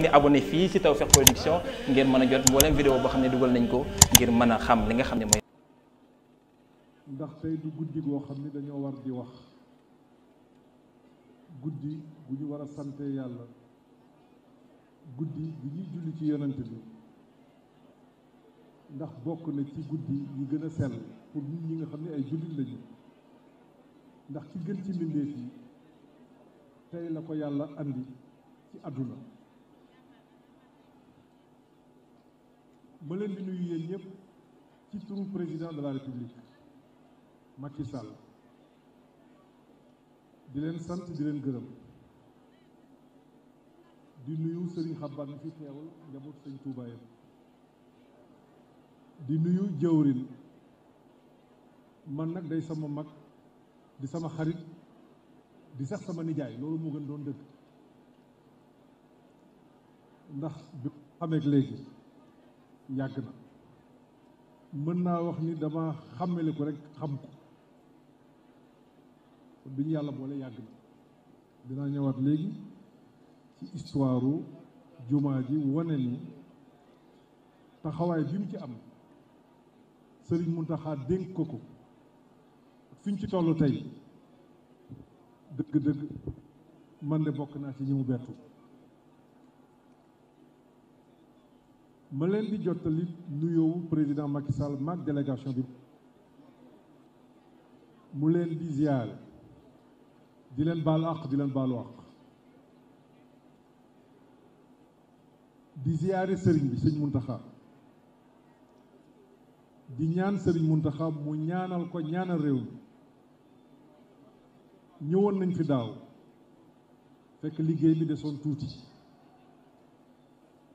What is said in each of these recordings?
ngeen di abonné fii ci Production ngeen mën a jot mboolem vidéo boo xam ne dugal nañ ko ngir mën a xam li nga xam ne mooy. ndax tey du guddi goo xam ne dañoo war di wax guddi bu ñu war a sante yàlla guddi bi ñuy ci yonent bi ndax bokk na ci guddi yi gën a sell pour nit ñi nga xam ne ay jullit lañu ndax ci gën ci mbindeef yi tey la ko yàlla andi ci àdduna ma leen di nuyu yéen ñëpp ci turu président de la république Macky Sall di leen sant di leen gërëm di nuyu Serigne Xaban mi fi teewal njaboot Sëñ Tuubaa di nuyu jëwrin man nag day sama mag di sama xarit di sax sama nijaay loolu moo gën doon dëgg ndax bi léegi yàgg na mën naa wax ni dama xàmmele ko rek xam ko bi ñu yàlla boole yàgg na dinaa ñëwaat léegi ci histoire jumaa ji wane ni taxawaay bi mu ci am Sëriñ Muntaxa dénk ko ko fi ñu ci toll tey dëgg-dëgg man de bokk naa ci ñi mu bettu ma leen di jottali nuyoo président Macky Sall mag délégation bi mu leen di di leen baal àq di leen baalu àq di ziyaare sëriñ bi sëñ Muntaxa di ñaan sëriñ Muntaxa mu ñaanal ko ñaanal réew mi ñëwoon nañ fi daaw fekk liggéey bi desoon tuuti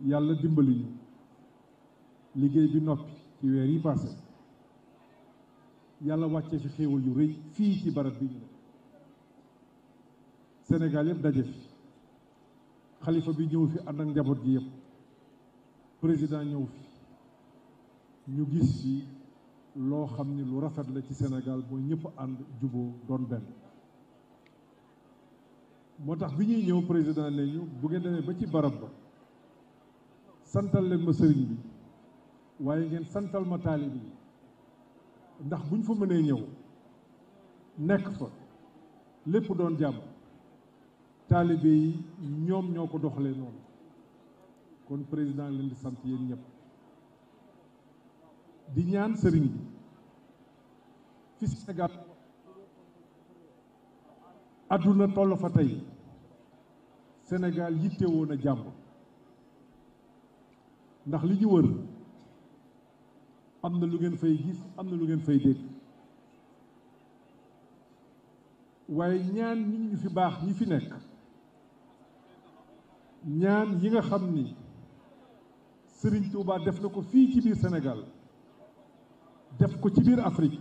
yàlla dimbali ñu liggéey bi noppi ci weer yi passé yàlla wàccee fi xéewal yu rëy fii ci barab bi ñu ne Sénégal yëpp daje fi xalifa bi ñëw fi ànd ak njaboot gi yëpp président ñëw fi ñu gis fi loo xam ni lu rafet la ci Sénégal mooy ñëpp ànd juboo doon benn moo tax bi ñuy ñëw président ne ñu bu ngeen demee ba ci barab ba santal leen ma sëriñ bi waaye ngeen santal ma taalib yi ndax buñ fa mënee ñëw nekk fa lépp doon jàmm taalibe yi ñoom ñoo ko doxalee noonu kon président leen di sant yéen ñëpp di ñaan sëriñ bi fi Sénégal àdduna toll fa tey senegal yitte woon a jàmm ndax li ñu wër am na lu ngeen fay gis am na lu ngeen fay dégg waaye ñaan ñi ñu fi baax ñi fi nekk ñaan yi nga xam ni Sëriñ Tuuba def na ko fii ci biir senegal def ko ci biir Afrique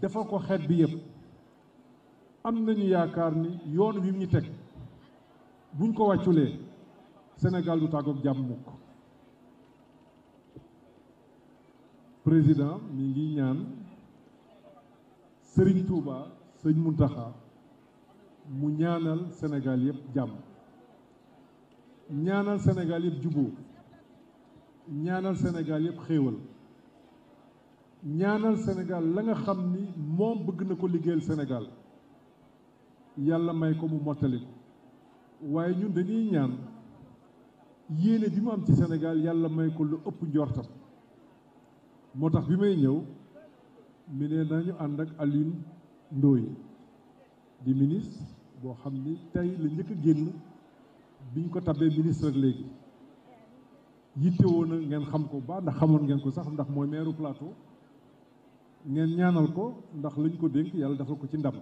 defal ko xeet bi yépp am nañu yaakaar ni yoon wi ñu teg buñ ko wàcculee senegal du tàggoog jàmm mukk président mi ngi ñaan Serigne Touba sëñ Muntaxa mu ñaanal Sénégal yëpp jàmm ñaanal Sénégal yëpp juboo ñaanal Sénégal yëpp xéewal ñaanal Sénégal la nga xam ni moom bëgg na ko liggéeyal Sénégal yàlla may ko mu mottali ko waaye ñun dañuy ñaan yéene bi mu am ci Sénégal yàlla may ko lu ëpp njortam moo tax bi may ñëw mi ne nañu ànd ak Alioune Ndoye di ministre boo xam ni tey la njëkk a génn biñ ko tabee ministre ak léegi yitte woon na ngeen xam ko ba ndax xamoon ngeen ko sax ndax mooy meeru plateau ngeen ñaanal ko ndax lañ ko dénk yàlla defal ko ci ndam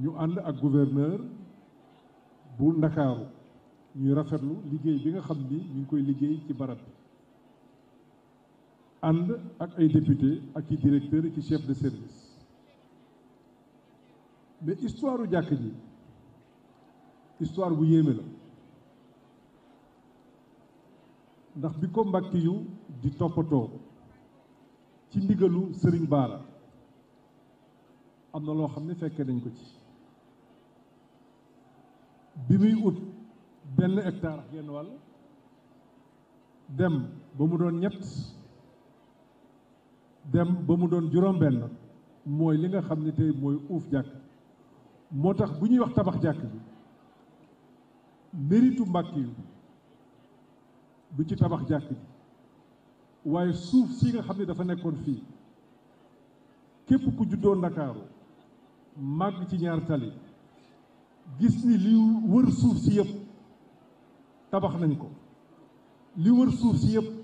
ñu ànd ak gouverneur bu ndakaaru ñuy rafetlu liggéey bi nga xam ni ñu ngi koy liggéey ci barab bi ànd ak ay député ak i directeur ci chef de service mais histoire jàkk ji histoire bu yéeme la ndax bi ko mbàkki yu di toppatoo ci ndigalu sëriñ baara am na loo xam ne fekke dañ ko ci bi muy ut benn hectare yenn genn dem ba mu doon ñett dem ba mu doon juróom-benn mooy li nga xam ne tey mooy uuf jàkk moo tax bu ñuy wax tabax jàkk bi méritu mbàkk yi du ci tabax jàkk bi waaye suuf si nga xam ne dafa nekkoon fii képp ku juddoo ndakaaru màgg ci ñaar tali gis ni li wër suuf si yëpp tabax nañ ko li wër suuf si yëpp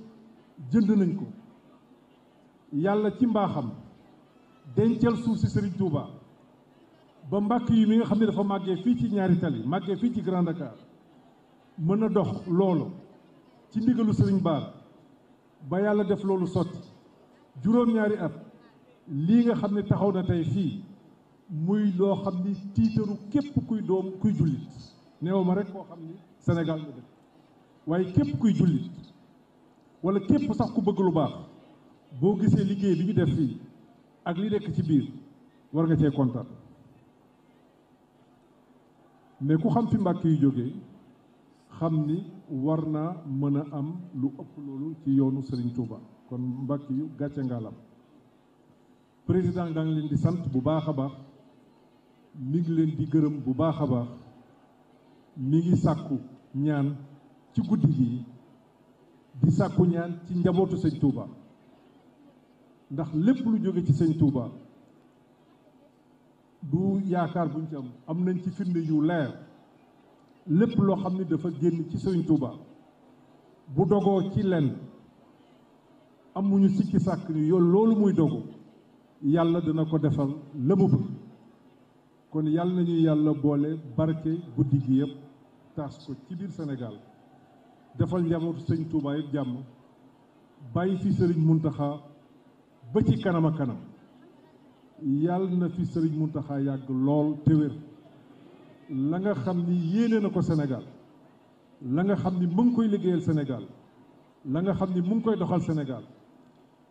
jënd nañ ko yàlla ci mbaaxam dencal suuf si Serigne Touba ba mbàkk yi mi nga xam ne dafa màggee fii ci ñaari tali màggee fii ci grande Dakar mën a dox loolu ci ndigalu sëriñ Baar ba yàlla def loolu sotti juróom-ñaari at lii nga xam ne taxaw na tey fii muy loo xam ni tiitaru képp kuy doom kuy jullit neew ma rek koo xam ni senegal la def waaye képp kuy jullit walla képp sax ku bëgg lu baax. boo gisee liggéey li ñu def fii ak li nekk ci biir war nga cee kontaan mais ku xam fi mbàkk yu jógee xam ni war naa mën a am lu ëpp loolu ci yoonu sëriñ Touba kon Mbàkke yu gàcce ngaalam président daa ngi leen di sant bu baax a baax mi ngi leen di gërëm bu baax a baax mi ngi sàkku ñaan ci guddi gii di sàkku ñaan ci njabootu Sëñ Touba. ndax lépp lu jóge ci sëñ Touba du yaakaar buñ ci am am nañ ci firnde yu leer lépp loo xam ne dafa génn ci sëñ Touba bu dogoo ci lenn amuñu sikki sàkk ni yow loolu muy dogu yàlla dina ko defal la kon yàlla nañu yàlla boole barke guddi gi yëpp taas ko ci biir senegal defal njabootu sëñ Touba yëpp jàmm bàyyi fi sëriñ Muntaxa ba kanama kanam a na fi sëriñ Muntaxa yàgg lool te wér la nga xam ni yéene na ko Sénégal la nga xam ni mu ngi koy liggéeyal Sénégal la nga xam ni mu ngi koy doxal Sénégal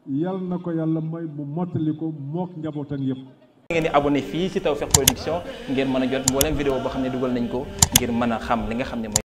yàlla na ko yàlla may mu mottali ko mook njabootam yëpp. ngeen di abonné fii ci Tawfekh Production ngeen mën a jot mboolem vidéo boo xam ne dugal nañ ko ngir mën a xam li nga xam ne mooy.